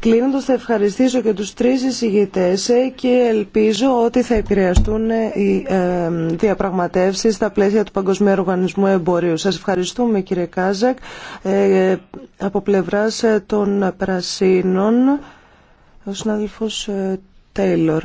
Κλείνοντας θα ευχαριστήσω και τους τρεις εισηγητές ε, και ελπίζω ότι θα επηρεαστούν ε, οι ε, διαπραγματεύσεις στα πλαίσια του Παγκοσμίου Οργανισμού Εμπορίου. Σας ευχαριστούμε κύριε Κάζακ. Από πλευράς των Πρασίνων, ο συνάδελφος Τέιλορ.